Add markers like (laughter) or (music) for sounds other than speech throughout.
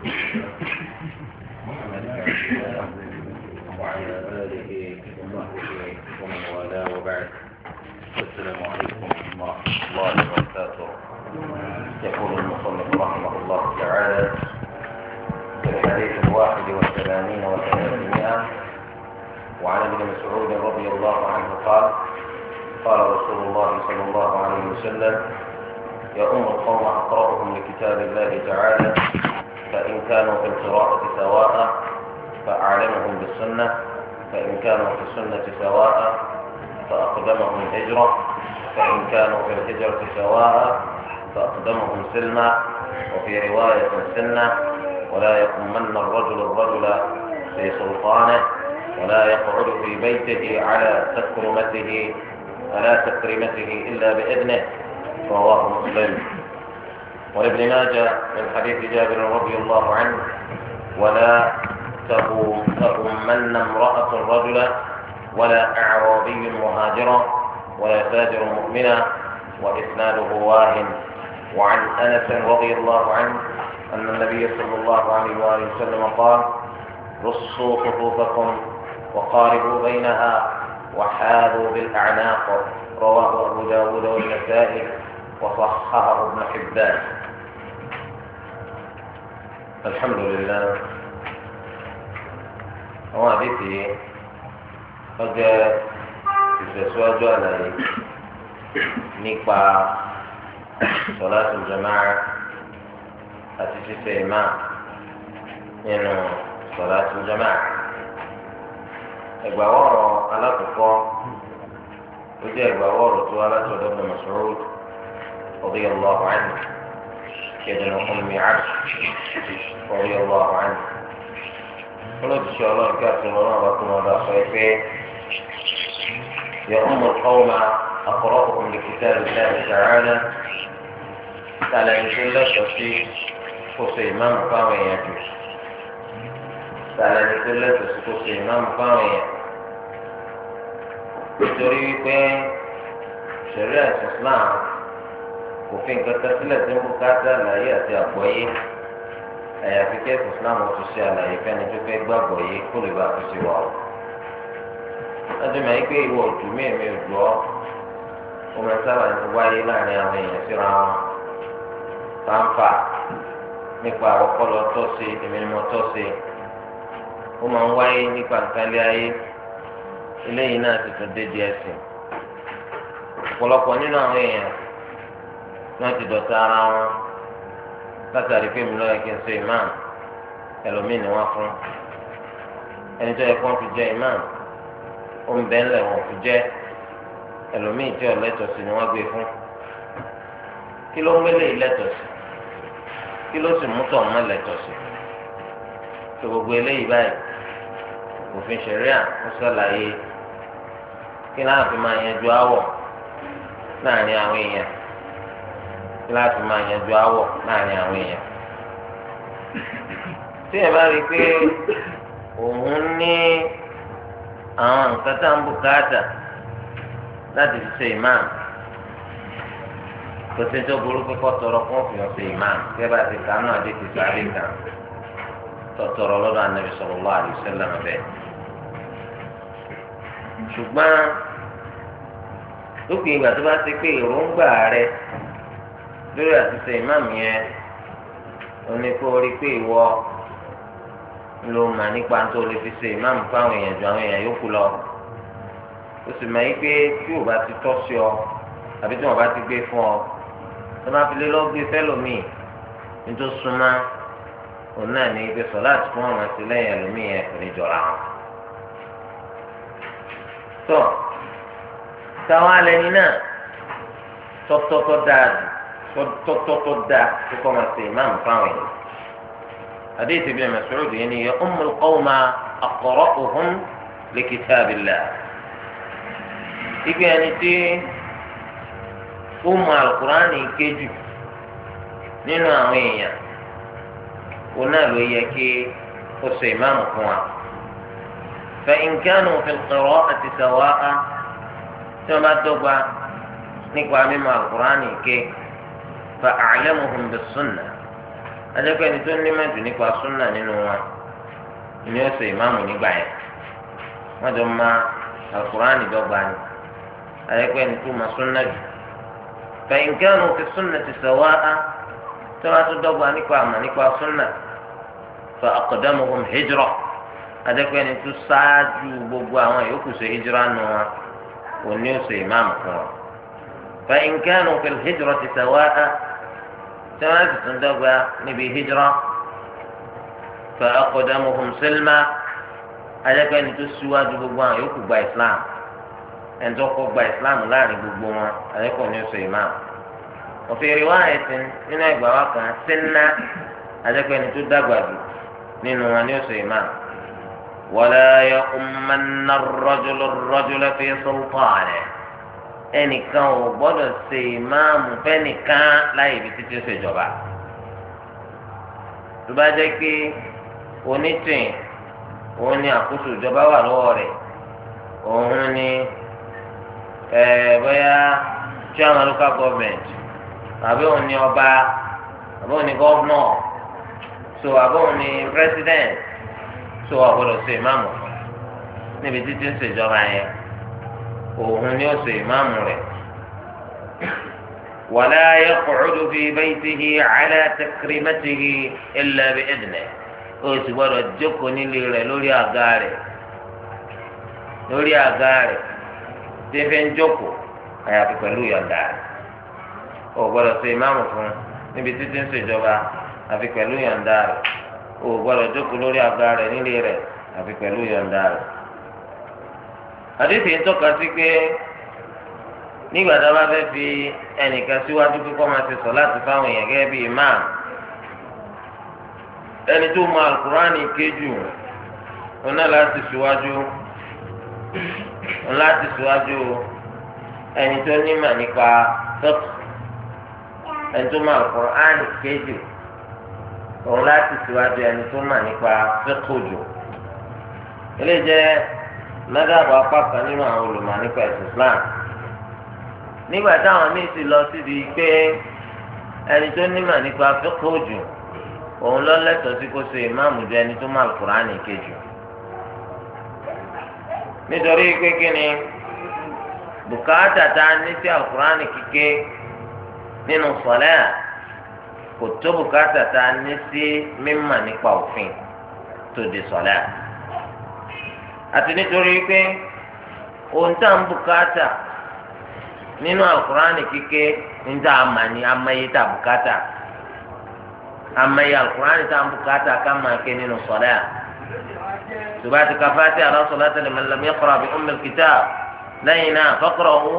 وعلى آله وصحبه ومن والاه وبعد السلام عليكم ورحمة الله وبركاته يقول المصنف رحمه الله تعالى في الحديث الواحد والثمانين وثلاثمائة وعن ابن مسعود رضي الله عنه قال قال رسول الله صلى الله عليه وسلم يؤم القوم أقرأهم لكتاب الله تعالى فإن كانوا في القراءة سواء فأعلمهم بالسنة فإن كانوا في السنة سواء فأقدمهم هجرة فإن كانوا في الهجرة سواء فأقدمهم سلما وفي رواية سنة ولا يقمن الرجل الرجل في سلطانه ولا يقعد في بيته على تكرمته على تكرمته إلا بإذنه رواه مسلم ولابن ماجه من حديث جابر رضي الله عنه ولا تؤمن امرأة رجلا ولا أعرابي مهاجرا ولا تاجر مؤمنا وإسناده واهن وعن أنس رضي الله عنه أن النبي صلى الله عليه وآله وسلم قال رصوا خطوطكم وقاربوا بينها وحاذوا بالأعناق رواه أبو داود والنسائي وصححه ابن حبان alhamdulillah àwọn àdìsí ọjọ́ ìfẹ̀síwájú àlàyé nípa sọláṣí jamaa àti ṣíṣe ìmá nínú sọláṣí jamaa ẹgbàwọrọ alákòókò ó jẹ ẹgbàwọrọ tó alátọdọ bẹ Mas'ud radiyallahu anhu. سيدنا أم عبد رضي الله عنه شاء الله كافي ونابكم هذا يا يؤم القوم أقرأهم لكتاب الله تعالى تعالى إن كل شيء قصي إمام قاوي يجوز تعالى إن كل شيء قصي إمام قاوي يا nítorí wípé ṣẹlẹ̀ ìsìláàmù òfin kankan sílẹ̀ tí ń bùkátà àlàyé àti àgbọ́yé àyàfi kẹ́sì islam tó ṣe àlàyé fẹ́ni tó fẹ́ gbàgbọ́ yé kó lè bá tó ṣe wà ó. láti mọ̀ pé ìwọ òjò mí èmi òjò ọ́ ó máa sábà ń wáyé láàrin àwọn èèyàn síra wọn pàǹpà nípa àwọ̀kọ́lọ́ tọ́ èmi ni mo tọ́ ó máa ń wáyé nípa nǹkan ayé eléyìí náà ti tún dédé ẹ̀sìn ọ̀pọ̀lọpọ̀ nínú àwọn èèyàn náà ti dọ̀tá ara wọn látàrí pé mi lọ́yà kí n so imam ẹlòmíì ni wọ́n fún ẹni tó yẹ kí wọ́n fi jẹ imam ó ń bẹ́ńlẹ̀ wọ́n fi jẹ ẹlòmíì tí ọ̀lẹ́tọ̀sí ni wọ́n gbé fún kí ló ń gbélé ìlẹ́tọ̀sí kí ló sì mú tọ̀ mọ́ lẹ́tọ̀sí tó gbogbo eléyìí báyìí òfin ṣẹ̀ríà ń sọ̀làyé kí láàfin máa yanjú áwọ̀ láàrin àwọn èèyàn láti máa yanjú àwọ̀ láàrin àwọn èèyàn. tí ẹ bá rí i pé òun ní àwọn nǹkan tá à ń bùkátà láti fi ṣe ìmáàmù kò sí tó burú pé kó tọrọ kó fi hàn ṣe ìmáàmù kí ẹ bá ti kà náà dé ti sáré kan tọ̀tọ̀rọ̀ lọ́dọ̀ ànábì sallallahu alaihi wasallam bẹ́ẹ̀. ṣùgbọ́n lópin ìgbà tó bá ti pé èròǹgbà rẹ̀ lórí àtúnṣe ìmáàmù yẹn oníkóorí pé ìwọ ló mà nípa tó lè fi ṣe ìmáàmù fáwọn èèyàn ju àwọn èèyàn yòókù lọ o sì mọ̀ yí pé tí o bá ti tọ́ sí ọ àbí tí wọ́n bá ti gbé fún ọ tó bá fi lé lọ́gbé fẹ́lòmíì ní tó súnmọ́ òun náà ní ibi sọ̀lá fún ọ̀ràn sí lẹ́yìn ẹlòmíì yẹn kò ní jọra wọn. tó táwọn alẹ́ ní náà tọ́tọ́tọ́ dáa tọ́tọ́tọ́ dáa tó kọ́ máa ṣe ìmáàmù fáwọn èèyàn. حديث ابن مسعود يعني أم القوم أقرأهم لكتاب الله ìgbẹ́ ẹni tí ó mọ alukurani kéjù nínú àwọn èèyàn ó náà ló yẹ kí ó ṣe ìmáàmù fún wa. فإن كانوا في القراءة سواء tí wọ́n bá dọ́gba nípa mímọ alukurani kéjù fa a'lamuhum bis-sunnah adẹ́kọ̀ ẹni tó ní mẹ́tò nípa súnà nínú wọn ni ó sọ ìmáàmù nígbà yẹn wọ́n jọ ma alukur'an dọ́gba ni adẹ́kọ̀ ẹni tó ma súnà jù fa in kanu fi sunnati sawa'a tó wá tó dọ́gba nípa àmà nípa súnà fa aqdamuhum hijra adẹ́kọ̀ ẹni tó sáájú gbogbo àwọn yòókù sọ hijra nù wọn òní ó sọ ìmáàmù fún wọn fa in kanu fi hijra ti sawa'a. تمام تندقى نبي هجرة فأقدمهم سلمة أجاك أن تسوى جبوان يوكو إسلام أن تقوى إسلام لا نبوان أجاك أن يسوى إمام وفي رواية من أجواك سنة أجاك أن تدقى nínú wọn ni ó sọ ìmáà wala yaqumanna ar-rajulu ẹnìkan ò gbọ́dọ̀ ṣe ìmáàmù fẹ́nìkan láyé ibi títí ó ṣèjọba tó bá jẹ́ pé onítìǹ òun ni àkóso ìjọba wà lọ́wọ́ rẹ̀ òun ni bóyá chairman local government àbí òun ni ọba àbí òun ni governor so àbí òun ni president so ọ̀gbọ́dọ̀ ṣe ìmáàmù níbi títí ó ṣèjọba yẹn òun ni ó ṣe ìmáàmù rẹ̀ wàlá yaqudu fi baytihi ala takrimatihi illa bi idnihi ó sì gbọ́dọ̀ jókòó nílé rẹ̀ lórí àga rẹ̀ lórí àga rẹ̀ tẹ́fẹ́ ń jókòó àyàfi pẹ̀lú yọ̀ǹda rẹ̀ ó gbọ́dọ̀ ṣe ìmáàmù fún níbi títí ń ṣèjọba àfi pẹ̀lú yọ̀ǹda rẹ̀ ó gbọ́dọ̀ jókòó lórí àga rẹ̀ nílé rẹ̀ àfi pẹ̀lú yọ̀ǹda rẹ̀ àdéhùn yẹn tọ́ka sí pé nígbà tá a bá fẹ́ fi ẹnìkan síwájú kíkọ́ máa ṣe sọ láti fáwọn èèyàn gẹ́gẹ́ bíi imam ẹni tó mọ alukurani kéjù ọ̀nà láti síwájú ọ̀nà láti síwájú ẹni tó nímọ̀ nípa tọ́tù ẹni tó mọ alukurani kéjù ọ̀nà láti síwájú ẹni tó mọ̀ nípa fẹ́kọ̀jù. ilé jẹ́ mẹ́tàbọ̀ apá kan nínú àwọn olùmọ̀ nípa ẹ̀sìn Islam nígbà táwọn míì sì lọ síbi pé ẹni tó nímọ̀ nípa fíkọ́ jù òun lọ lẹ́tọ̀ọ́ sí kó so ìmáàmù ju ẹni tó mọ̀ àlùkùránì kejì nítorí pé kí ni bùkátà tá ní sí àlùkùránì kíké nínú sọ̀lẹ́ à kò tó bùkátà tá ní sí mímọ̀ nípa òfin tó di sọ̀lẹ́ à àti nítorí pé ohun tá à ń bùkátà nínú alukurani kíké ń tá a mà ní amáyé tá a bùkátà amáyé alukurani tá a bùkátà ká máa ké nínú sọlá tuba ti ka fati ala sọlá tẹlẹ mẹlẹ mi kọrọ àbí ummil kitab lẹ́yìn náà fọkọrọ ọhún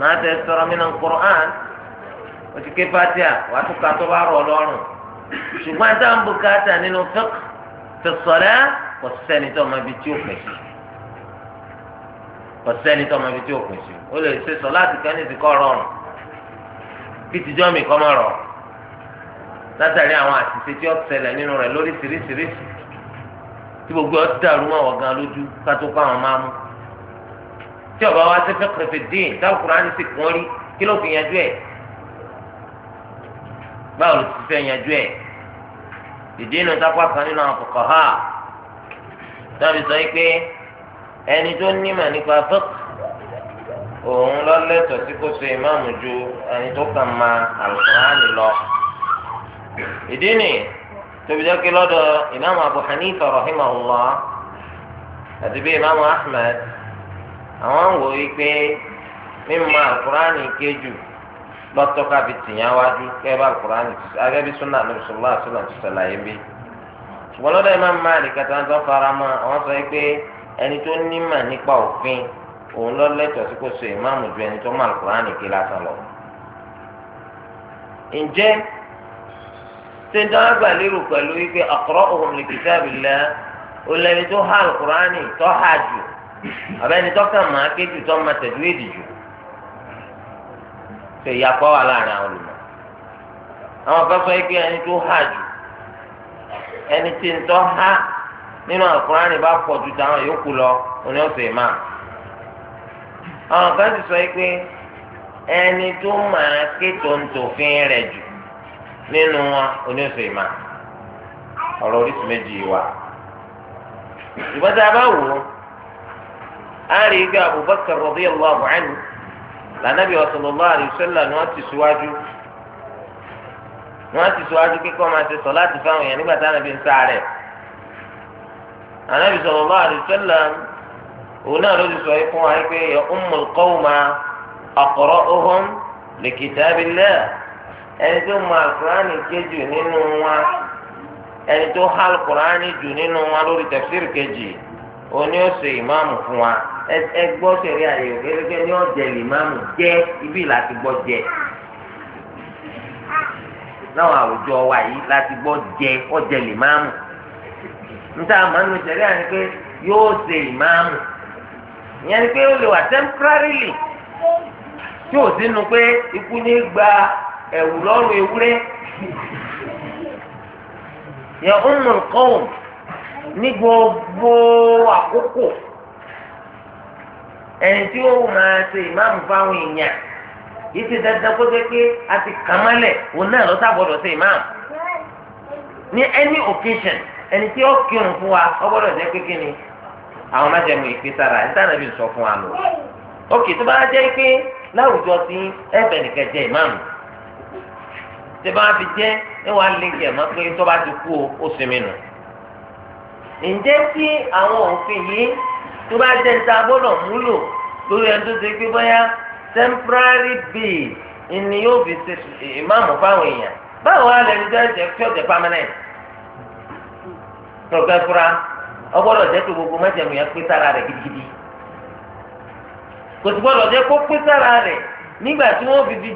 máa tẹ sọ̀rọ̀ mi náà án o ké fati à wàá tún ká tó bá rọ lọ́rùn ṣùgbọ́n tá a bùkátà nínú fiqh fi sọlá kò sẹ́ni tó ma bi tí o fẹ́ sí ọ̀sẹ́ni tó ọmọ ibi tí ó pèsè ó lè ṣe sọ láti kẹ́ ní ìsìnkọ́ rọrùn kí tìjọ́ mi kọ́ mọ̀ rọ̀ látàrí àwọn àṣìṣe tí ó ṣẹlẹ̀ nínú rẹ̀ lórí ṣiríṣiríṣi tí gbogbo ọ dàrú mọ́ ọ̀gá lójú ká tó kọ́ àwọn máa mú tí ọba wa ti fẹ́ kẹfẹ́ dín táwọn Kùránì sì kún rí kí ló fi yanjú ẹ̀ báwo ló ti fẹ́ yanjú ẹ̀ ìdí inú tápá kan nínú àwọn kọ̀kọ̀ ha tábí ẹni tó nímọ̀ nípa fiqh òun lọ́lẹ́tọ̀ tí kò so ìmáàmù ju ẹni tó kàn ma lọ. ìdí ni tóbi jẹ́ kí lọ́dọ̀ ìmáàmù Abu Hanifa rahimahullah àti bí ìmáàmù Ahmed àwọn wò yí pé mímọ̀ àlùkùránì kéjù lọ́tọ́ kábi tìyàn wájú kẹ́ẹ́bà àlùkùránì agẹ́bí súnà Nabi bí. ṣùgbọ́n lọ́dọ̀ ìmáàmù fara mọ́ àwọn ẹni tó nímà nípa òfin òun lọ lẹ́tọ̀ọ́ sí kó so ìmáàmù ju ẹni tó mọ àlùkùránì kí lásán lọ. ǹjẹ́ ṣèǹdán àgbà lérò pẹ̀lú wípé aqra'uhum li kitabillah ó lẹni tó há àlùkùránì tó há jù àbẹ́ni tó kàn máa ké tó máa tẹ̀dú èdè jù. ṣe ìyapọ̀ wà láàrin àwọn olùmọ̀. àwọn kan sọ ẹni tó há jù ẹni tí ń tọ́ há nínú àkùránì bá pọ̀ ju táwọn yòókù lọ òní ọ̀sẹ̀ máa. àwọn kan ti sọ pé ẹni tó máa ké tontòfin rẹ̀ jù nínú wọn òní ọ̀sẹ̀ máa. ọ̀rọ̀ oríṣi méjì wà. ìbọn tá a bá wò ó a rí i pé Abubakar radiyallahu anhu lànàbí sallallahu alaihi ni wọ́n ti síwájú wọ́n ti síwájú kíkọ́ máa ti sọ láti fáwọn èèyàn nígbà táwọn ẹbí ń sáré. anabi sallallahu alaihi wasallam òun náà ló ti sọ yìí wa pé ya ummul qawma aqra'uhum li kitabillah ẹni tó mọ alukurani kejì nínú wa ẹni tó ha alukurani jù nínú wa lórí tafsir kejì òní ó ṣe ìmáàmù fún wa ẹ gbọ́ sẹ̀rí àyẹ̀wò gẹ́gẹ́ ní ọ̀jẹ̀ jẹ́ ibi láti gbọ́ jẹ́ láwọn àwùjọ wa yìí láti gbọ́ jẹ́ ọ̀jẹ̀ níta àmọ́nu ṣẹ̀ríà ni pé yoo ṣe ìmáàmù ni o ó lè temporarily tí ò sínú ikú gba ẹ̀wù lọ́rùn ewúrẹ́ yẹn ń nǹkan ní gbogbo àkókò ẹni tí ó máa ṣe ìmáàmù fáwọn èèyàn yìí ti dandan pé a ti kàn òun náà lọ́sàbọ̀dọ̀ ṣe ìmáàmù ní any occasion. ẹni tí ó kírun fún wa ni àwọn májẹ̀mú ìpè sára ẹni táwọn ẹbí sọ fún wa lò ókè tó bá jẹ́ pé láwùjọ sí nìkan ìmáàmù tí bá fi ẹ pé tó bá ti kú o ó sinmi nù ǹjẹ́ tí àwọn òfin yìí tó bá níta gbọ́dọ̀ múlò lórí ẹni tó ti pé bóyá temporary bill ni yóò fi ṣe ìmáàmù fáwọn tọ̀fẹ́ fúra ọgbọ́dọ̀ jẹ́ gbogbo májẹ̀mú yẹn pé sára gidi. gidigidi kò sì gbọ́dọ̀ jẹ́ kó pé sára rẹ̀ nígbà tí wọ́n fi fi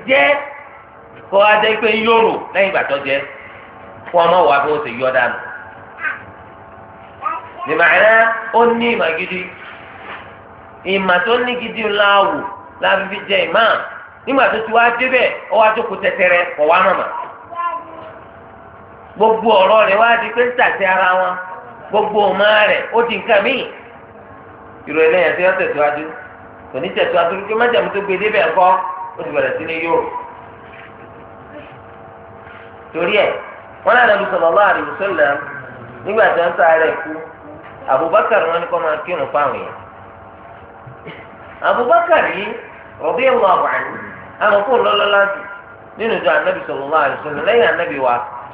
kó a pé yòrò lẹ́yìn ìgbà tó jẹ kó ọmọ wà bí wọ́n yọ dànù nìmọ̀ẹ́rẹ́ ó ní ìmọ̀ gidi ìmọ̀ tó ní gidi ńlá láfi fi jẹ ìmọ̀ nígbà tó ti wá débẹ̀ ó wá tó gbogbo ọ̀rọ̀ rẹ̀ wá di pé ń tàsí ara wọn gbogbo ọmọ rẹ̀ ó di nǹkan míì ìrò ẹlẹ́yìn tí wọ́n kò ní tẹ̀síwájú kí májàmú tó gbé débẹ̀ kọ́ ó ti bẹ̀rẹ̀ sí ní yóò torí ẹ̀ wọ́n nígbà tí wọ́n kú Abubakar wọn ni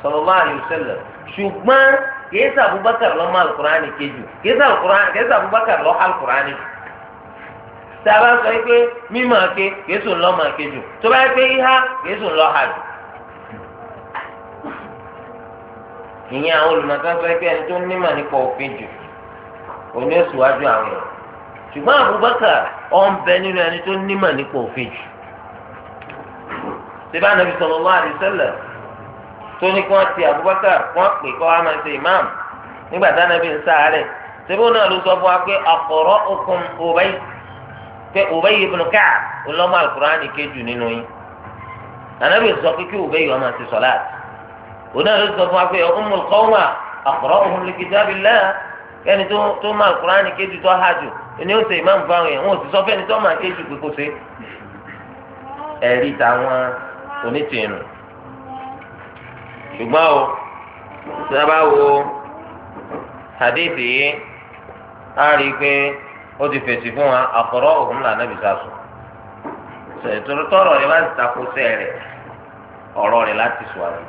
sallallahu alaihi wasallam ṣùgbọ́n kìí sá Abubakar ló mọ alukurani kejì kìí sá Abubakar ló alukurani jù sábà sọ pé mímọ̀ ake kìí sùn lọ́ mọ̀ ake jù tó bá yẹ pé ihá kìí sùn lọ́ ha jù. ìyẹn àwọn olùmọ̀tán sọ pé ẹni tó nímọ̀ nípa òfin jù òní oṣù wájú àwọn èèyàn ṣùgbọ́n Abubakar ọ̀nbẹ nínú ẹni tó nímọ̀ nípa òfin jù. síbá nàbí sallallahu alaihi tó ní kí wọ́n ti Abubakar wọ́n pè kọ́ wa máa ṣe imam nígbà tí anabi ń sáré sebo náà ló sọ fún wa pé aqra'ukum Ubay pé Ubay ibn Ka'b ọlọ́mọ alukur'an kejì nínú yín anabi sọ pé kí Ubay yọ máa ṣe sọláàtì òun náà ló sọ fún wa pé ummul qawma aqra'uhum li kitabillah kẹ́ni tó máa alukur'an kejì tó hajù ẹni ó ṣe imam fáwọn yẹn wọn ò sì sọ fẹ́ni tó máa kejì pé kó ṣe ẹ̀rí tàwọn onítìrìnù ṣùgbọ́n o tí a bá wo hadith yìí a rí i pé ó ti fèsì fún wa àkọ́rọ́ òun là nàbì sàṣù tọrọ rẹ bá ti takò sẹ́ẹ̀rẹ̀ ọ̀rọ̀ rẹ láti sọ àbí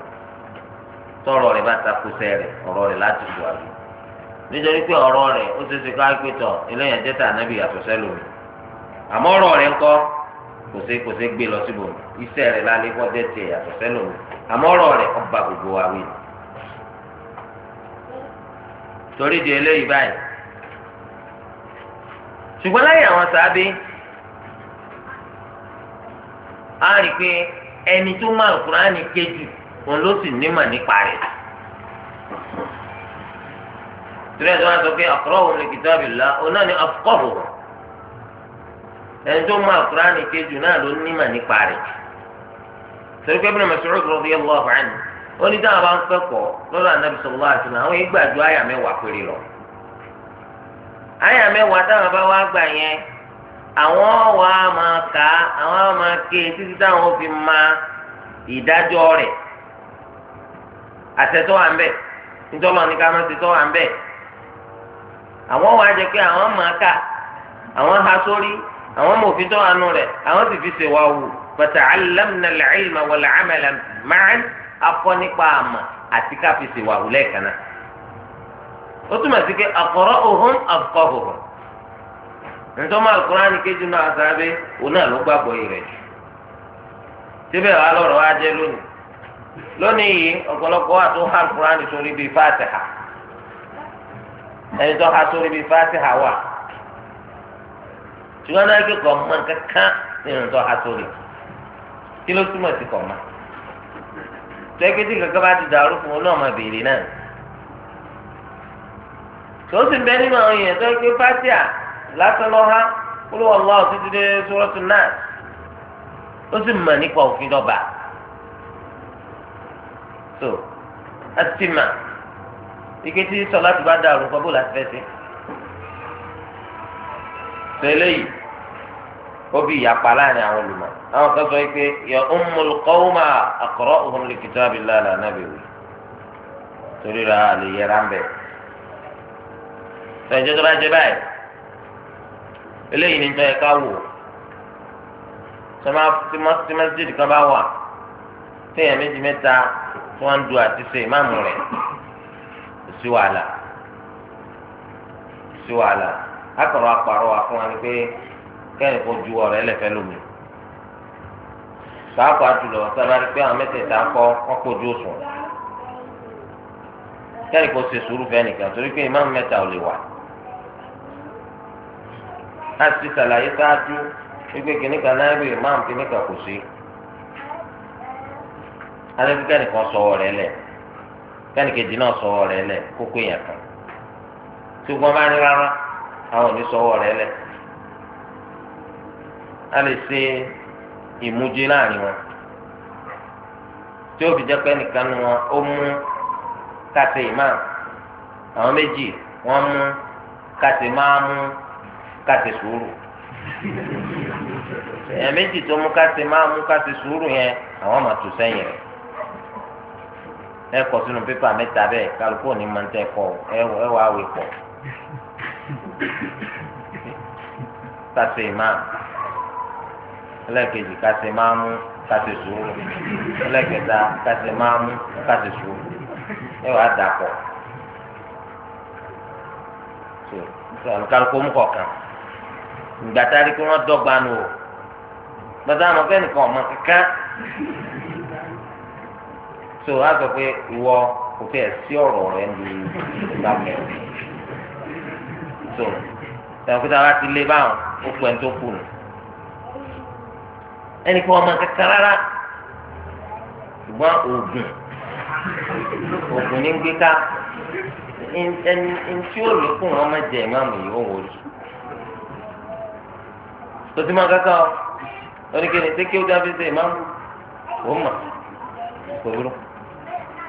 tọrọ rẹ bá takò sẹ́ẹ̀rẹ̀ ọ̀rọ̀ rẹ láti sọ àbí nítorí pé ọ̀rọ̀ rẹ̀ ó ṣe ṣe ká pé eléyàn jẹ́ tà nábì yàtọ̀ àmọ́ ọ̀rọ̀ rẹ̀ ńkọ́ kò ṣe kò ṣe gbé lọ síbò iṣẹ́ rẹ̀ lálé kọ́ tiẹ̀ yàtọ̀ sẹ́lómi àmọ́ ọ̀rọ̀ rẹ̀ ọba gbogbo wa wí. torí di eléyìí báyìí ṣùgbọ́n láyé àwọn sáábé a rí i pé ẹni tó máa ń kúránì kéjù òun ló sì nímọ̀ nípa rẹ̀ torí ẹ̀ tó wá sọ pé aqra'uhum li kitabillah òun náà ni afqahuhum ẹni tó máa kúránì kéjù náà ló nímọ̀ nípa rẹ̀ torí pé Ibn Mas'ud radiyallahu anhu ó ní táwọn bá ń kẹ́kọ̀ọ́ lọ́dọ̀ Ànábì sallallahu alaihi wasallam àwọn ìgbàdo àyà mẹ́wàá péré lọ. àyà mẹ́wàá táwọn bá wá gbà yẹn àwọn wà á máa kà á àwọn á máa ké e títí ma ìdájọ́ rẹ̀ àtẹ̀tọ́ wà ń bẹ̀ nítorí wọn ni ká máa tẹ̀tọ́ wà ha sórí àwọn fata'allamna al-ilma wal-amala ma'an akọ́ nípa àmà àti káfí ṣe wà wúlẹ̀ kan náà ó túmọ̀ sí pé aqra'uhum afqahuhum ntọ́mọ al-Qur'ani kéjú náà sábẹ́ òun náà ló gbàgbọ́ rẹ̀ jù síbẹ̀ wà lọ́rọ̀ wá jẹ́ lónìí lónìí yìí ọ̀pọ̀lọpọ̀ wà tó há al-Qur'ani bíi Fatiha ẹni tó há sórí bíi Fatiha wà ṣùgbọ́n náà kíkọ́ mọ̀ kankan nínú tó há sórí kí ló túmọ̀ sí kọ̀ ma tẹ́kítì kankan bá ti dàrú fún un náà máa béèrè náà tó sì bẹ nínú àwọn èèyàn tó ké fásíà lásán lọ́ha kó ló wà lọ́wọ́ títí dé sọ́rọ́tù náà ó sì mọ̀ nípa òfin dọ́ba tó a ti mà ike tí sọ láti bá dàrú kọ́ bó láti fẹ́ tẹ́lẹ̀ yìí ó bí ìyapa láàrin àwọn olùmọ̀ àwọn kan sọ pé yọ ummul qawma aqra'uhum li kitabillahi la nabiyyi torí ra lè yẹra ń bẹ̀. sọ ìjọba bá jẹ báyìí eléyìí ni ń tọ́ ẹ ká wò tí masjid kan bá wà téèyàn méjì mẹ́ta tí wọ́n ń du àti ṣe ìmáàmù rẹ̀ sí wàhálà sí wàhálà akọ̀rọ̀ àpàrọ̀ wà fún wa ni pé. kẹ́yìn kó ju ọ̀rọ̀ ẹlẹ́fẹ́ lómi pàápàá jùlọ sábà pé àwọn mẹ́tẹ̀ẹ̀ta kọ́ wọ́n kojú kẹ́yìn kó ṣe sùúrù fẹ́ nìkan torí pé ìmáàmù mẹ́ta ò lè wà láti fi ṣàlàyé sáájú wípé kìnnìkan náà rí ìmáàmù kò sí sọ ọ̀rẹ́ lẹ̀ sọ ọ̀rẹ́ lẹ̀ kókó yẹn kan bá ní rárá àwọn sọ ọ̀rẹ́ lẹ̀ a lè ṣe ìmújí láàrin wọn tí o fi jẹ́ pé nìkan nu wọn ó mú kàtẹ imam àwọn méjì wọ́n mú kàtẹ máa mú kàtẹ sùúrù èèyàn méjì tó mú kàtẹ máa mú kàtẹ sùúrù yẹn àwọn máa tù ẹ kọ sínú pépà kálukú máa ń kọ imam. ẹlẹ́ẹ̀kejì ká ṣe máa mú ká ṣe sùúrù ẹlẹ́ẹ̀kẹta ká ṣe máa mú ká ṣe sùúrù ẹ wàá dà pọ̀ tó alùkálùkù mú kọ̀ọ̀kan ìgbàtà rí kí wọ́n dọ́gba nù o gbàtà àwọn ọ̀gá ẹnìkan ọ̀mọ kankan tó a sọ pé ìwọ kò fẹ́ sí ọ̀rọ̀ rẹ ní ìgbàgbẹ́ tó tẹ̀wọ́n kí ti lé báwọn ó pẹ́ tó kù nù ẹnì kan ọmọ kankan rárá ṣùgbọ́n oògùn oògùn ní gbé ká ẹni tí ó lè kún wọn má jẹ ìmáàmù yìí ó wò lù tó ti máa kankan ọ oníkèrè tí kí ó dábí ṣe ìmáàmù ó mà kò rú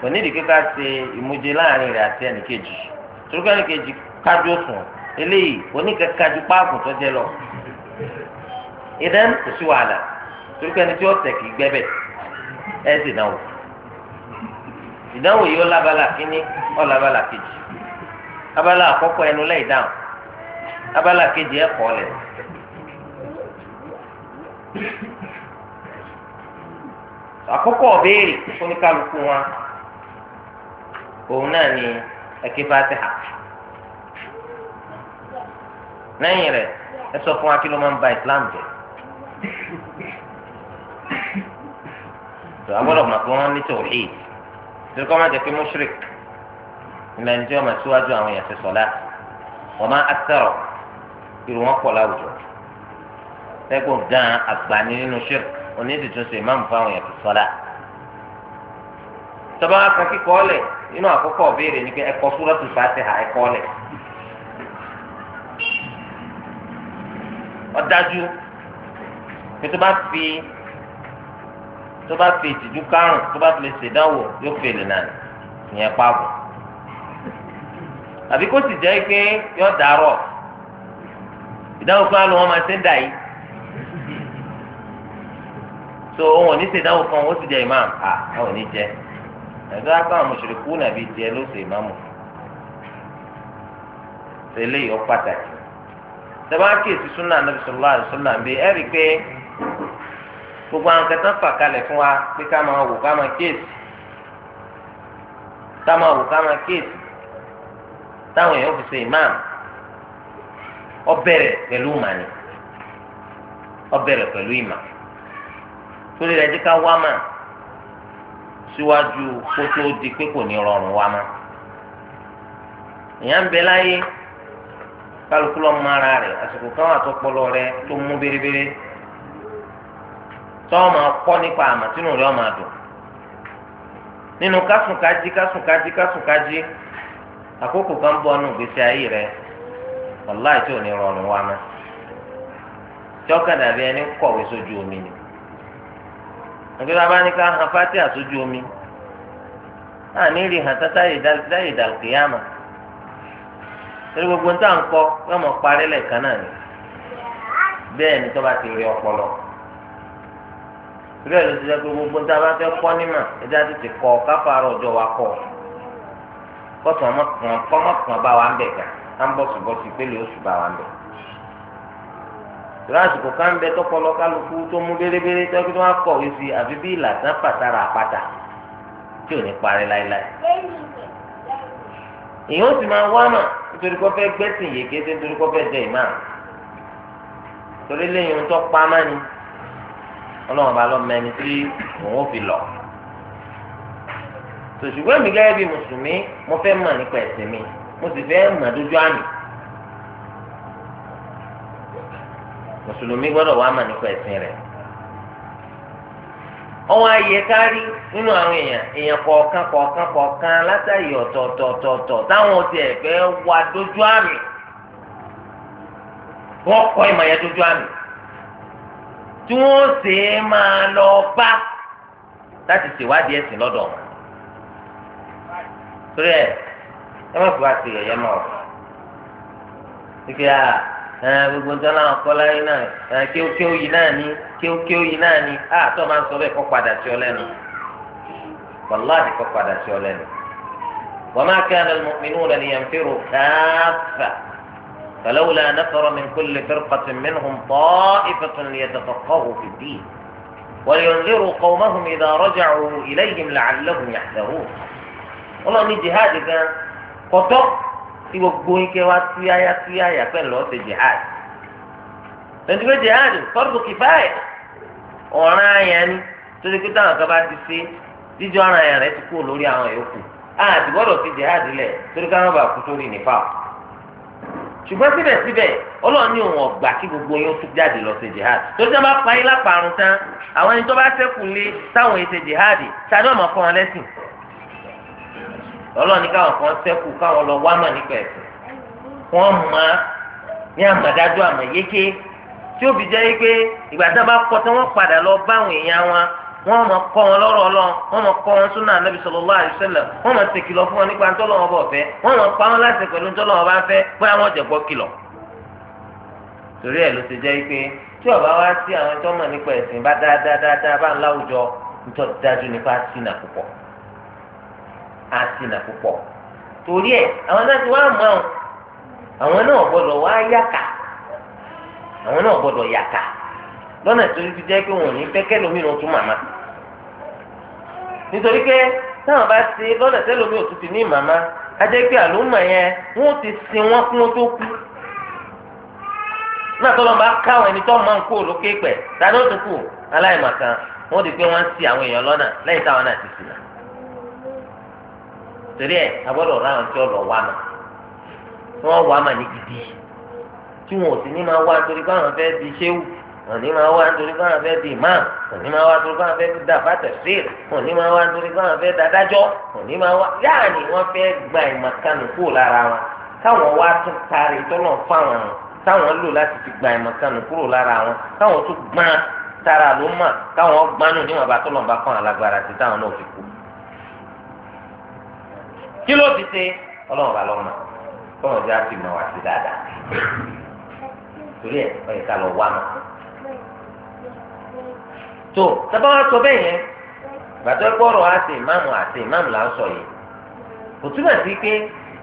kò nídìí kíkà ṣe ìmújẹ láàrin rẹ̀ àti ẹnìkejì torí ẹnìkejì kájú sùn eléyìí oníkẹ́kájú páàkù tó jẹ lọ ìdẹ́n kò sí wàhálà. torí pé ẹni tí ó tẹ̀ kì í gbẹ́bẹ̀ ẹ sì náà ìdánwò yìí ó lábala kínní ó lábala kejì abala àkọ́kọ́ ẹnu lẹ́yìn dáhùn abala kejì ẹ̀kọ́ lẹ̀ àkọ́kọ́ ọ̀bẹ́ẹ̀rì oníkálukú wa òun náà ni ẹ̀kẹ́ bá ti hà lẹ́yìn rẹ̀ ẹ sọ fún wa kí tó agbọ́dọ̀ mọ̀ pé wọ́n ní tauhid tó kọ́ má jẹ́ pé mushrik ìlà ẹni tí wọ́n máa síwájú àwọn èèyàn ti sọ̀lá wọ́n máa akthara irú wọn pọ̀ láwùjọ lẹ́gbọ̀n gan àgbàní nínú shirk onídìtúnṣe máa ń fa àwọn èèyàn ti sọ̀lá tọ́ba wa kan kíkọ́ ọ̀lẹ̀ nínú àkọ́kọ́ ọ̀bẹ̀rẹ̀ ni pé ẹ̀kọ́ Suratul Fatiha ẹ̀kọ́ ọ̀lẹ̀ ọ̀dájú pé tó bá fi tó bá fi ìtìjú kárùn tó bá fi lè ṣèdánwò yóò fèlè náà ìyẹn pààbò àbí kó sì jẹ́ pé yọ dàrọ̀ ìdánwò kan ló wọn máa ṣe ń dà yìí so òun ò ní ṣèdánwò kan ó sì jẹ ìmáàmù à àwọn ò ní jẹ ẹgbẹ́ akọ́ àwọn mùsùlùkù nàbí tiẹ̀ ló ṣe ìmáàmù tẹ́lẹ̀ yọ pàtàkì tẹ́lẹ̀ bá kí èsì súnà nàbì sọ̀rọ̀ àdìsọ́nà ẹ̀rí pé. gbogbo àwọn kẹta fà fún wa pé ká máa wò ká máa ká máa imam ó pelu ima ìmàní ó bẹ̀rẹ̀ ìmà torí di pé kò ní rọrùn wá mà èèyàn bẹ láyé kálukú lọ́ọ́ mọ ara rẹ̀ àsìkò kan tọ́wọ́ máa kọ́ nípa àmàtínú rẹ̀ ọmọ àdùn nínú kásùnkájí kásùnkájí kásùnkájí àkókò kan bọ́ nù gbèsè ayé rẹ wàláì tí ò ní rọrùn wá mọ́ ẹni kọ̀wé sójú omi ni nígbà bá ní ká hàn omi náà rí hàn tátá torí gbogbo ń kọ́ parí lẹ̀ kan náà ni bẹ́ẹ̀ ni ti rí ọpọlọ. ìbí ẹ̀rọ ti jẹ́ pé gbogbo tá a bá fẹ́ kọ́ nímọ̀ ẹja kọ́ ọjọ́ wa kọ́ kọ́tàn ọmọkùnrin kọ́mọkùnrin bá wa ń bẹ̀ gà á ń bọ̀sibọ̀si pélé oṣù bá wa ń bẹ̀. ìránṣẹ́ kò ká ń bẹ tọpọlọ kálukú tó mú bérebére tọ́jú tó wá sí ọlọ́run bá lọ mẹni tí òun ò fi lọ. sòṣùgbọ́n mi gẹ́gẹ́ bí mùsùlùmí mo fẹ́ mọ̀ nípa ẹ̀sìn mi mo sì fẹ́ mọ̀ dójú àmì. mùsùlùmí gbọ́dọ̀ wá mọ̀ nípa ẹ̀sìn rẹ̀. ọwọ́ ayẹ kárí nínú àwọn èèyàn èèyàn kọ̀ọ̀kan kọ̀ọ̀kan kọ̀ọ̀kan látàrí ọ̀tọ̀ọ̀tọ̀ọ̀tọ̀ táwọn ti ẹ̀fẹ́ wá dójú àmì. wọ́n kọ́ ìmọ̀ yẹn dójú àmì tí wọ́n sì máa lọ bá láti ṣèwádìí ẹ̀sìn lọ́dọ̀ wọn. torí ẹ ẹ má fi wá sí ẹ̀yẹ náà wípé a gbogbo ń tọ́lá ọkọ láyé náà kéwkéw yìí náà ni kéwkéw yìí náà ni a tó máa ń sọ bẹ́ẹ̀ kọ́ padà sí ọ lẹ́nu wàláhì kọ́ padà sí ọ lẹ́nu. wa ma kana al-mu'minuna li yanfiru kaaffa. فلولا نفر من كل فرقة منهم طائفة ليتفقهوا في الدين ولينذروا قومهم إذا رجعوا إليهم لعلهم يحذرون والله من جهاد كان قطر في وقوين كوا تيايا تيايا كان لو جهاد لأن جهاد فرض كفاية ọ̀ràn àyàn ni tó ti pé táwọn kan bá تقول ṣe jíjọ ọ̀ràn àyàn rẹ ti kú lórí àwọn yòókù àti gbọ́dọ̀ ṣùgbọ́n síbẹ̀síbẹ̀ ọlọ́run ní òun ọ̀gbà kí gbogbo yín ó tún jáde lọ sí jihad tó ti máa pa yín lápàrún tán àwọn ẹni tó bá ṣẹ́kù lé táwọn èsè jihad tani ọmọ fún wọn lẹ́sìn ọlọ́run ní káwọn kan ṣẹ́kù káwọn lọ wá mọ̀ nípa ẹ̀sìn wọ́n mọ ní àmọ̀dájú àmọ̀ yéké tí ó fi jẹ́ pé ìgbà tí wọ́n bá kọ́ tí wọ́n padà lọ báwọn èèyàn wọn wọ́n mọ̀ kọ́ wọn lọ́rọ̀ ọlọ́run wọ́n mọ̀ kọ́ wọn súnà anábì sallallahu alaihi wọ́n mọ̀ ṣe kìlọ̀ fún wọn nípa ntọ́lọ́wọ́ bọ̀ fẹ́ wọ́n mọ̀ pa wọn láti pẹ̀lú ntọ́lọ́wọ́ bá fẹ́ bóyá torí ẹ̀ ló ti jẹ́ tí ọba wa sí àwọn ẹjọ́ nípa ẹ̀sìn bá dáadáa bá ń nítorí pé táwọn bá ṣe lọ́nà tẹ́lómi òtún ti ní màmá ajẹ́ pé àlùmọ̀ yẹn wọ́n ti sin wọ́n fún wọn tó kú náà tọ́lọ́ bá káwọn ẹni tó máa ń kó lókè pẹ̀ dáná tó kù aláìmọ̀kan wọ́n ti pé wọ́n ti àwọn èèyàn lọ́nà lẹ́yìn táwọn náà ti sìnà torí ẹ̀ agbọ́dọ̀ ráwọn tí lọ wá mà di ṣéwù òní máa wá nítorí pé àwọn fẹ́ di imam òní máa wá nítorí pé àwọn fẹ́ dà fàtẹ̀ sílẹ̀ òní máa wá nítorí pé àwọn fẹ́ dadájọ́ òní máa wá yáàni wọ́n fẹ́ gba ìmọ̀kánu kúrò lára wọn káwọn wá tún taari tọ́nà fáwọn àwọn táwọn lò láti fi gba ìmọ̀kánu kúrò lára wọn káwọn tún gbọ́n tara ló mà káwọn gbanú níwọ̀n bá tọ́nà bá fún alágbára ti táwọn náà fi kú. kí ló ti ṣe ọlọ́run bá lọ́mọ tó tábà wá sọ bẹ́ẹ̀ yẹn gbàtọ́ gbọ́rọ̀ àti ìmáàmù àti ìmáàmù là ń sọ yìí kò túmọ̀ sí pé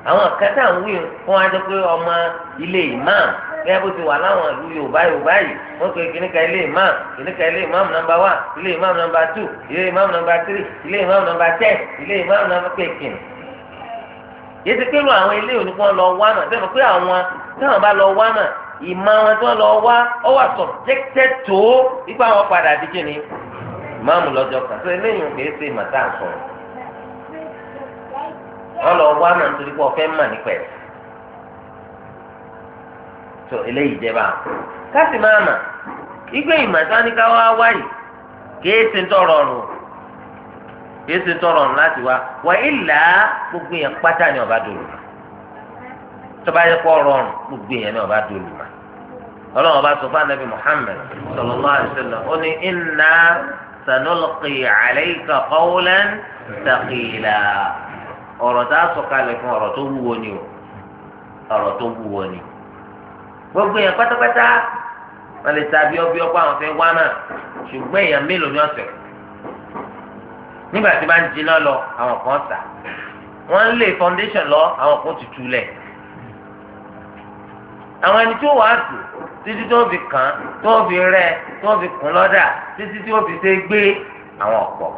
àwọn kẹta ń wí fún adé pé ọmọ ilé ìmáàmù bẹ́ẹ̀ bó ti wà láwọn ìlú yorùbá yorùbá yìí wọ́n pe kìnìkà ilé ìmáàmù kìnìkà ilé ìmáàmù nọ́mbà wà ilé ìmáàmù nọ́mbà tù ilé ìmáàmù nọ́mbà tírì ilé ìmáàmù nọ́mbà tẹ́ ilé ìmáàmù nọ́mbà pẹ̀kìn. yìí ti pé lu àwọn ilé òní kan lọ wá mà ìmọ̀ àwọn tí wọ́n lọ wá ọ wà subjected tó wọn padà di kíni ìmáàmù lọ́jọ́ kan tó eléyìí kìí ṣe màtá àkọ́ wọ́n wá mà nítorí pé ọ̀fẹ́ mà nípa ẹ̀ tó eléyìí jẹba káàsì máa mà igbe ìmọ̀tá ní ká wá kìí ṣe tọrọ ọrùn kìí ṣe tọrọ ọrùn láti wá wà ilà gbogbo yẹn pátá ni tọ́ba yẹ kó rọrùn gbogbo yẹn náà bá dolù ma ọlọ́run ọba sọ fún anabi muhammed sallallahu alaihi wasallam ó ní inna sanulqi alayka qawlan thaqila ọ̀rọ̀ tá a sọ kalẹ̀ fún ọ̀rọ̀ tó wúwo ni o ọ̀rọ̀ tó wúwo ni gbogbo yẹn pátápátá wọ́n lè ta bí ọbí ọkọ àwọn fẹ́ wá náà ṣùgbọ́n èèyàn mélòó ni ọ̀sẹ̀ nígbà tí bá ń jiná lọ àwọn kan sà wọ́n lè foundation lọ àwọn kan tutù lẹ̀ àwọn ẹni tí ó wàá dùn títí tí wọ́n fi kàn án tí wọ́n fi rẹ́ tí wọ́n fi kún lọ́dà títí tí wọ́n fi ṣe gbé àwọn ọ̀pọ̀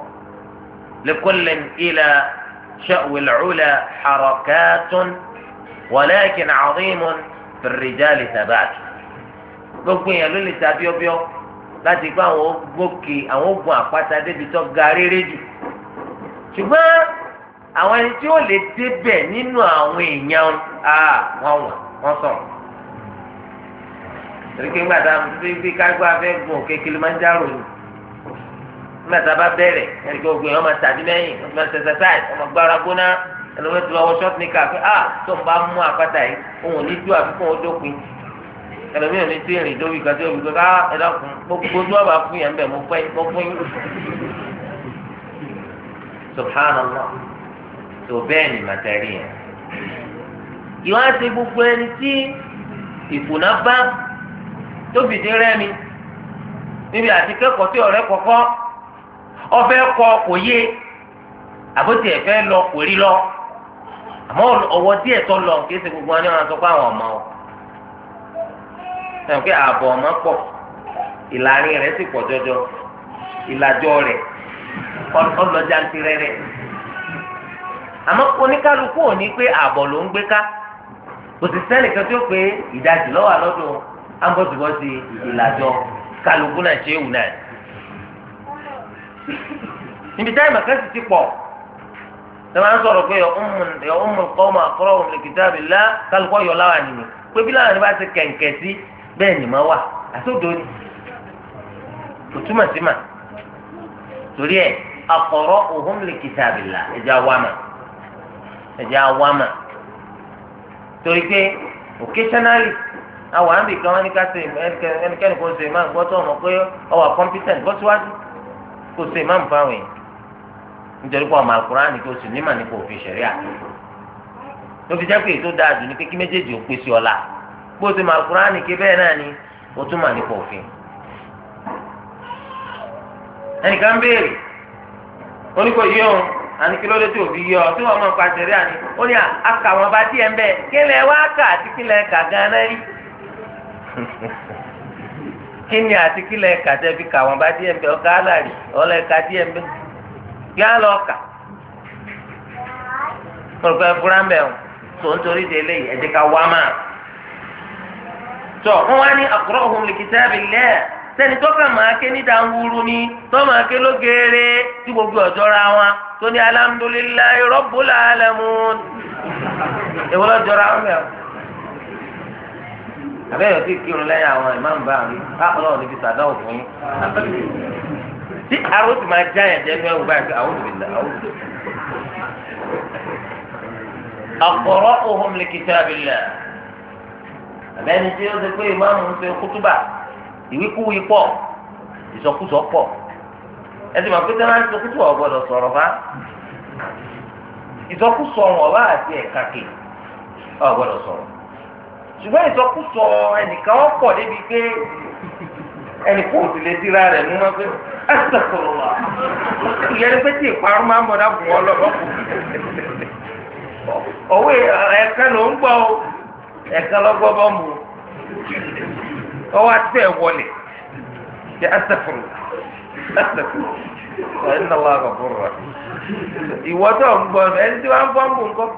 lẹ́kọ́lẹ́n ilà ṣàwìlọ́ọ̀lá harakatun wàlẹ́kìn àrímùn fìrìjálì sàbàtì gbogbo èèyàn ló lè ta bíọ́bíọ́ láti gbọ́ àwọn gòkè àwọn ogun àpáta débi tó ga réré jù ṣùgbọ́n àwọn ẹni tí ó lè débẹ̀ nínú àwọn èèyàn wọn wà sọ̀rọ̀ èké ńgbà tá a fi fi kágbá fẹ́ gun òkè Kilimanjaro ni ńgbà tá a bá bẹ̀rẹ̀ ẹ̀ríkẹ́ ogun yẹn ọmọ tàbí mẹ́yìn ọmọ sẹsẹsáì ọmọ gbára gbóná ẹlòmíràn ti lọ́wọ́ ṣọ́ọ̀tì ní káfí á tó ń bá mú àpáta yìí òun ò ní ju àfikún ó dópin ẹlòmíràn ní tí ìrìn dóbi kan tí ó fi gbé ká ah, ẹlọ́kùn gbogbo tí wọ́n fún yẹn bẹ̀ mo fún yín subhanallah tó bẹ́ẹ̀ ni màtẹ́rì yẹn ìwọ́n á ti gbogbo ẹni tí ìkùnà bá tó fìdí rẹ́mi níbi àti kẹ́kọ̀ọ́ tí ọ̀rẹ́ kọ̀kọ́ ọfẹ́ kọ kò yé àbótí ẹ̀fẹ́ lọ kò rí lọ àmọ́ ọwọ́ díẹ̀ tó lọ kí ẹsẹ̀ gbogbo wọn ni wọn sọ pé àwọn ọmọ o sẹ́wọ̀n pé ààbọ̀ ọmọ pọ̀ ìlàrin rẹ̀ sì pọ̀ jọjọ ìlàjọ rẹ̀ ọlọ́jà ń tirẹ̀ rẹ̀ àmọ́ oníkálukú ò ní pé ààbọ̀ ló ń gbé ká kò sì sẹ́nìkan tó pé ìdajì lọ́wọ́ àlọ́dún ambọ̀sibọ́sì ìlàjọ kálukú náà ṣe é wù náà níbi táyì màkàsì ti pọ̀ tẹ̀wọ́n á sọ̀rọ̀ pé ọ̀hún kọ́ ọmọ àkọ́rọ̀ ọ̀hún lè kìtà bí lá kálukú ọ̀yọ́ láwà nìyí pé bí láwọn bá ti kẹ̀kẹ́ sí bẹ́ẹ̀ ni mà wà àtòdò ni kò túmọ̀ sí mà torí ẹ̀ àkọ́rọ̀ ọ̀hún lè kìtà bí lá ẹ̀jẹ̀ àwa mà ẹ̀jẹ̀ àwa mà torí pé occasionally. awo àmì kan wọn ní ká ṣe ẹnikẹ́ni kò ṣe ìmáàmù gbọ́tọ̀ ọ̀nà pé ọwà competent bọ́ síwájú kò ṣe ìmáàmù fáwọn èèyàn nítorí pé ọmọ àkùránì tó ma nímà nípa òfin ṣẹ̀ríà ló fi jẹ́ pé ètò dáa ní pé méjèèjì ó pèsè ọ̀la bó ké bẹ́ẹ̀ náà ni ó tún ma nípa òfin. ẹnìkan ń béèrè ó yí òun àní kí ló dé tí tí wọn máa kí ni àti kí lẹ kà tẹ́ fi kà wọ́n bá díẹ̀ mbẹ́ ọ̀gá àlàrí ọ̀lẹ́ kà díẹ̀ mbẹ́ kí á lọ kà pọ̀lọpọ̀ ẹ̀fúra mbẹ́ o tó ń torí de lé ẹ̀jẹ̀ ká wá máa tó wọ́n wá ní àkùrọ̀ ọ̀hún lè kí sábì lẹ́ sẹ́ni tó kà máa ké ní dàǹwúrú ni tó máa ké ló geere tí gbogbo ọ̀jọ́ ra wọn tó ní alhamdulillahi rabbil alamin èwo lọ́jọ́ ra wọn bẹ́ẹ̀ o àbẹ́yọ̀ tí kírun lẹ́yìn àwọn ìmáàmù bá rí ọlọ́run níbi sàdáwò fún yín. tí àrò tí máa já yẹn jẹ́nu ẹ̀wù báyìí àwọn òbílẹ̀ àwọn òbílẹ̀. àkọ̀rọ̀ ohun lè kìtà abilẹ̀. àbẹ́ni tí ó ti pé ìmáàmù ń ṣe kútúbà ìwíkúwí pọ̀ ìsọkúsọ pọ̀. ẹ ti mọ̀ pé ń sọ kútúbà ọ̀gbọ́dọ̀ sọ̀rọ̀ bá. ìsọkúsọ wọn ṣùgbọ́n ìsọkúsọ ẹnìkan ọ̀pọ̀ débi pé ẹnìkan ò sì lè dira rẹ̀ mú ma pé ẹsẹ̀ sọ̀rọ̀ wa ìyẹn ni pé tí ìparun máa ń mọ̀dá bùn ọ lọ́wọ́ òwe ẹ̀kan ló ń gbọ́ o ẹ̀kan lọ́gbọ́ bọ́ mu ọwọ́ àti wọlé ṣe ẹsẹ̀ fúru ẹsẹ̀ fúru ẹ̀ ń nàlọ́ àgbà fúru rẹ̀ ìwọ́tọ̀ ń gbọ́ ẹni tí wọ́n á ń bọ́ ń bù ń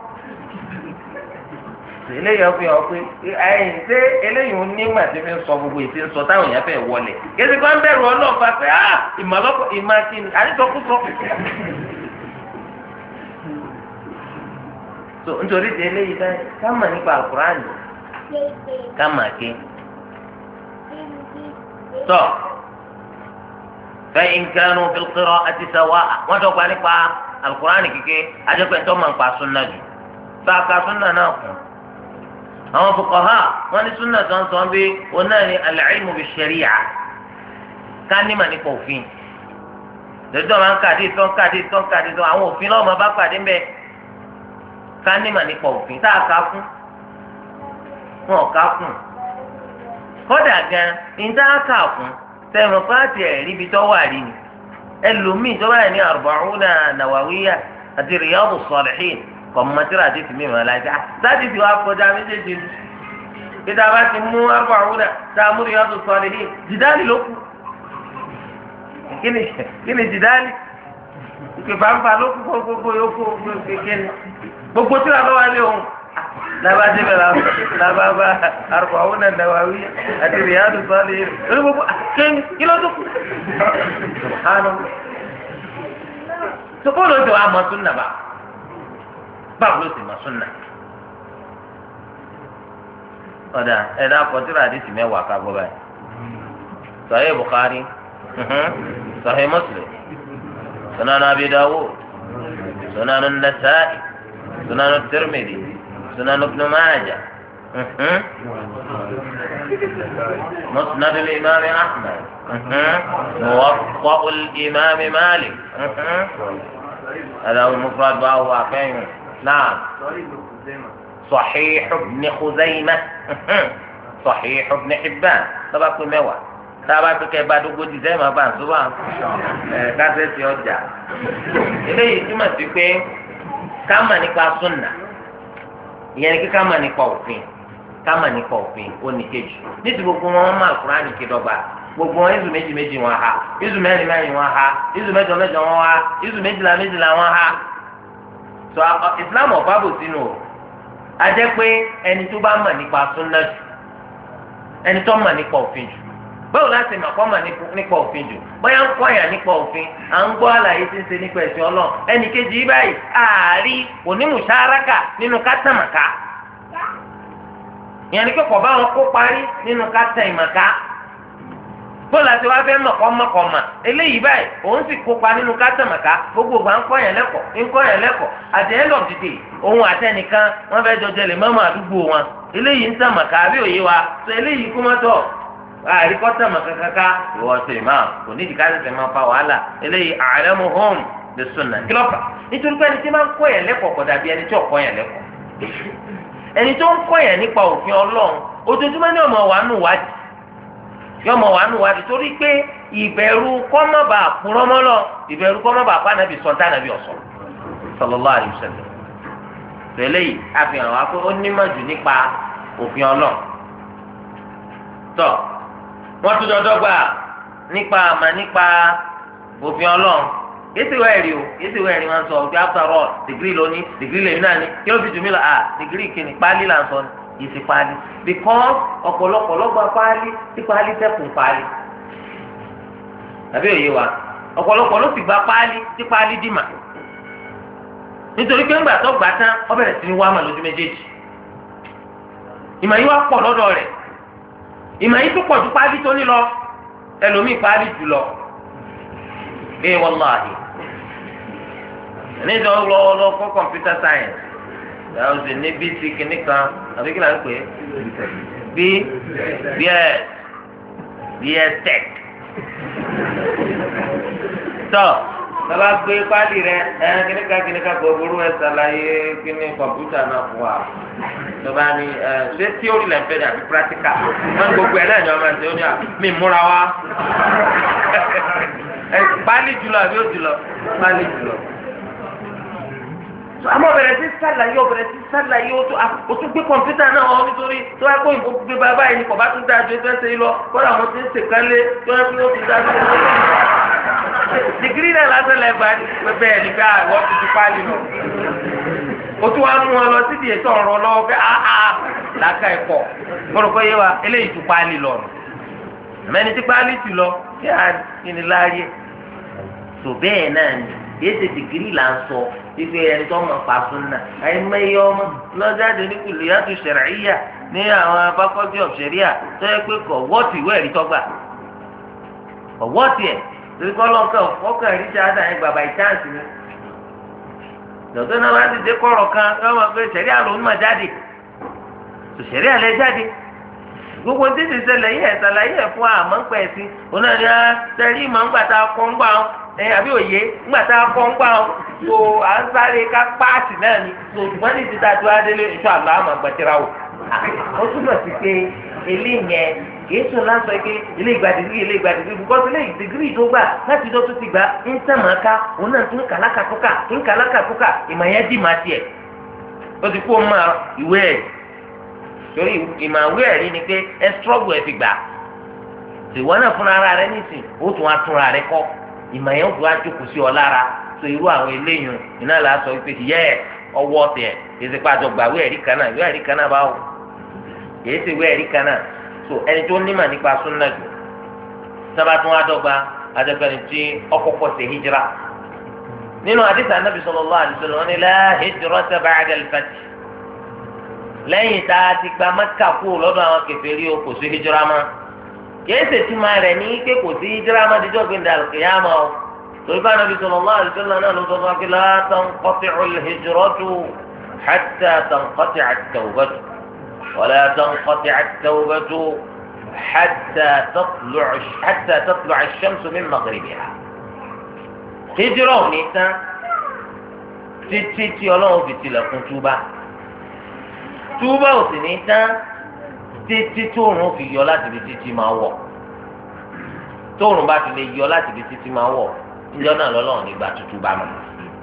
eléyìí ya ọkùnrin ẹyìn ṣé eléyìí ń nígbà tí fi ń sọ gbogbo èsì ń sọ táwọn èèyàn wọlé kéde kó ń á àdìsọkúsọ. so nítorí tí eléyìí bẹ́ẹ̀ ká mà nípa àkùránì ká mà ké. tọ́ fẹ́yìn kánú fìlkìrọ̀ àti sàwà wọ́n tọ́gbà nípa àkùránì kéke ajẹ́pẹ́ tó máa ń jù náà kù. àwọn fuqaha wọ́n ní Suna tó bí bi-shari'a kánímà nípa òfin dòdò ofin, ń tán kàdé tán kàdé tán àwọn òfin lọ́wọ́ máa bá pàdé mbẹ́ kánímà nípa òfin tá a kà fún wọn ò kà fún gan a kà pàtì ibi tó wà rí ni ẹlòmíì tó kọ̀mọ́tìrì àdìsí mi mọ̀ láti ah, sádìsí wa kọjá méjèèjì ìdá bá ti mú arúgbó àwúrà tá a múri yàtọ̀ sọ̀rọ̀ yìí jìdáàlì ló kù kí ni jìdáàlì ìpèpàǹpà ló kú gbogbo yòókù kékeré gbogbo tí wàá bá wà lé òun laba débẹ̀ laba bá arúgbó àwúrà nàwáwí àti rìádùn sọ̀rọ̀ yìí lórí gbogbo kéwì ah, kí tó kù sọ́kò ló ti wà nàbà. báwo ló sì mọ súnà ọ̀dà ẹ̀dá kọtíra àdìsí mẹ́wàá ká gbọ́ báyìí sahih bukhari sahih muslim sunan abi dawud sunan nasa'i sunan tirmidhi sunan ibn majah مسند الإمام أحمد موطأ الإمام مالك هذا هو المفرد بقى هو نعم صحيح ابن خزيمة صحيح ابن حبان طبعا كل موا طبعا كي بعد وجود زي ما بان سوا كذا سيرجع إليه ثم تقول كم نقع سنة يعني كم نقع وفين كم نقع وفين ونكج نسبة كم ما القرآن كده بقى gbogbo wọn izu méjì méjì wọn ha izu mẹ́rin mẹ́rin wọn ha izu mẹ́jọ mẹ́jọ wọn ha izu méjìlá méjìlá wọn ha sọ islam ọba bò sínú o ajẹ́ pé ẹni tó bá mọ̀ nípa súnà jù ẹni tó mọ̀ nípa òfin jù báwo láti mọ̀ kọ́ mọ̀ nípa òfin jù bóyá ń kọ́yà nípa òfin à ń gbọ́ àlàyé tí ń ṣe nípa ẹ̀sìn ọlọ́run ẹnì kejì yìí báyìí ààrí kata nínú bọ́ọ̀lù àti wá fẹ́ mọ̀kọ́mọ̀kọ́mọ̀ eléyìí báyìí òun sì kópa nínú kátàmọ̀ká gbogbo gbà ń kọ́ yẹn lẹ́kọ̀ọ́ ń kọ́ yẹn lẹ́kọ̀ọ́ àti of òun àtẹnìkan wọ́n fẹ́ jọ jẹlẹ̀ mọ́mọ́ àdúgbò wọn eléyìí ń tàmọ̀ká àbí òye wa sọ eléyìí home sunna nítorí pé ẹni tí máa ń kọ́ yẹn lẹ́kọ̀ọ́ dàbí ẹni tí ò kọ́ yẹn lẹ́kọ̀ọ́ (laughs) ẹni tó ń kọ́ yọmọ wà nù wádìí torí pé ìbẹ̀rù kọ́mọ̀bà kúrọ́mọ́lọ́ ìbẹ̀rù kọ́mọ̀bà fànàbì sọ̀tà nàbì ọ̀sọ̀ sallallahu alaihi wasallam tẹ̀lé yìí àfihàn wa pé ó nímọ̀ jù nípa òfin ọlọ́ tọ́ wọ́n tún dọ́dọ́ gbà nípa àmà nípa òfin ọlọ́ yéésì wá ẹ̀rí o yéésì wá ẹ̀rí wọn sọ pé after all degree lóní degree lèmi náà ni kí ló fi jù mí lọ ah degree kìnnìpá lílà sọ ni yìí ti paálí because ọ̀pọ̀lọpọ̀ lọ́gba paálí tí paálí sẹ́kùn paálí tàbí òye wa ọ̀pọ̀lọpọ̀ ló sì gba paálí tí paálí dìmà nítorí pé ńgbà tó gbà tán ó bẹ̀rẹ̀ sí ní wá mà lójú méjèèjì ìmọ̀ yìí wá pọ̀ lọ́dọ̀ rẹ̀ ìmọ̀ yìí tó pọ̀ ju paálí tó ní lọ ẹlòmíì paálí jù lọ ẹ wàláhì níjọ lọ lọ kọ́ computer science àwọn oṣù ní bíi ti kìnnì kan àbí kí là ń pè é bí bíẹ́ bíẹ́ tẹ̀k. tọ́ lọ́ba gbé pálí rẹ ẹ kìnnì kan kìnnì kan kò burú ẹ ṣàlàyé kìnnì kọ̀mpútà náà fún wa lọ́ba ni ẹ ṣé tíórì lẹ́ ń fẹ́ dàbí pírátíkà wọ́n gbogbo ẹ̀ náà ni wọ́n máa ń ṣe ó ní à mí múra wá. (laughs) pálí jùlọ àbí ó jùlọ pálí jùlọ àmọ́ bẹ̀rẹ̀ sí sàlàyé ọ̀bẹ̀rẹ̀ sí sàlàyé o tún gbé kọ̀mpútà náà wọn nítorí tó wá kó ìbò gbé bàbá yìí ni kò bá tún dáa ju ẹgbẹ́ sẹ́yìn lọ kọ́lá wọn ti ń sèkánlé tó wá kó tún dáa ju ẹgbẹ́ sẹ́yìn dìgírí náà lásán lẹ́gbàá bẹ́ẹ̀ ni pé àwọn ti ti pálí lọ. o tún wá mú wọn lọ sídìí ètò ọ̀rọ̀ lọ́wọ́ pé áá làákà ẹ̀kọ́ mọ̀rọ̀kọ́ yé wa eléyìí tún pálí lọ mẹ́ni tí pálí ti lọ kí á kí ni láàyè tò bẹ́ẹ̀ náà ni èsì dìgírí là ń sọ ife ẹni tó mọ̀ pa súnà àìmọye ọmọ lọ́jáde ní kùlìyàtù ṣẹ̀ríyà ní àwọn faculty of tó yẹ pé wọ́ọ̀tì tọ́gbà wọ́ọ̀tì ẹ̀ torí kọ́ lọ́kàn ọkàn rí yẹn gbàgbà ni náà ti dé kan ẹ máa pe ṣẹ̀ríyà lòún mà jáde ṣẹ̀ríyà lẹ jáde gbogbo títí ṣẹlẹ̀ yìí ẹ̀ ṣàlàyé ẹ̀ fún àmọ́ pẹ̀sìn òun náà ah, ẹ̀yìn àbí òye ńgbà tá a tó à ń sáré ká páàtì náà ni tó ṣùgbọ́n ní ti dájú adélé àlọ́ o. ó túbọ̀ sí pé eléyẹn kìí sùn lásán ike ilé ìgbà dìgírì ilé ìgbà dìgírì bùkọ́ dìgírì tó gbà láti ti gbà ń tẹ̀mọ̀ òun náà tún kàlákà kúkà tún kàlákà kúkà ìmọ̀ yẹn dì tiẹ̀ ó ti kú ọmọ ìwé ẹ̀ torí ìmọ̀ ara rẹ ìmọ̀ yẹn tó wá jókòó sí ọ lára so irú àwọn eléyìí iná là á sọ wípé yẹ ọwọ́ tẹ̀ èsì pàjọ gbà wíwẹ̀ ẹ̀rí kan náà wíwẹ̀ ẹ̀rí kan náà báwo kìí ṣe ẹ̀rí kan so ẹni tó nímọ̀ nípa súnà jù sábà tún wá tí ọkọ̀kọ̀ ṣe hijira nínú àdìsá anábì sallallahu alaihi wasallam ní la hijrata ba'da al-fath lẹ́yìn tá a ti gba mẹ́kà kú lọ́dọ̀ àwọn kèfèrí o kò sí hijira mọ́. kìí ṣe túmọ̀ rẹ̀ ní ike kò sí hijira amadijọ́ gbẹ̀ndà kìyàmọ́ o torí bá nàbí sallallahu alaihi wasallam náà ló sọ fún akílá tanqati'ul hijratu hatta tanqati'a at-tawbatu wala tanqati'a at-tawbatu hatta tatlu'a hatta tatlu'a ash-shamsu min maghribiha. hijira ò ní tán títí tí ọlọ́run fi tilẹ̀kùn túbá túbá ò sì ní tán. títí tóòrùn fi yọ láti ibi títí máa wọ̀ tóòrùn bá ti lè yọ láti ibi títí máa wọ̀ níjọ́ náà lọ́lọ́run nígbà tútù bá máa.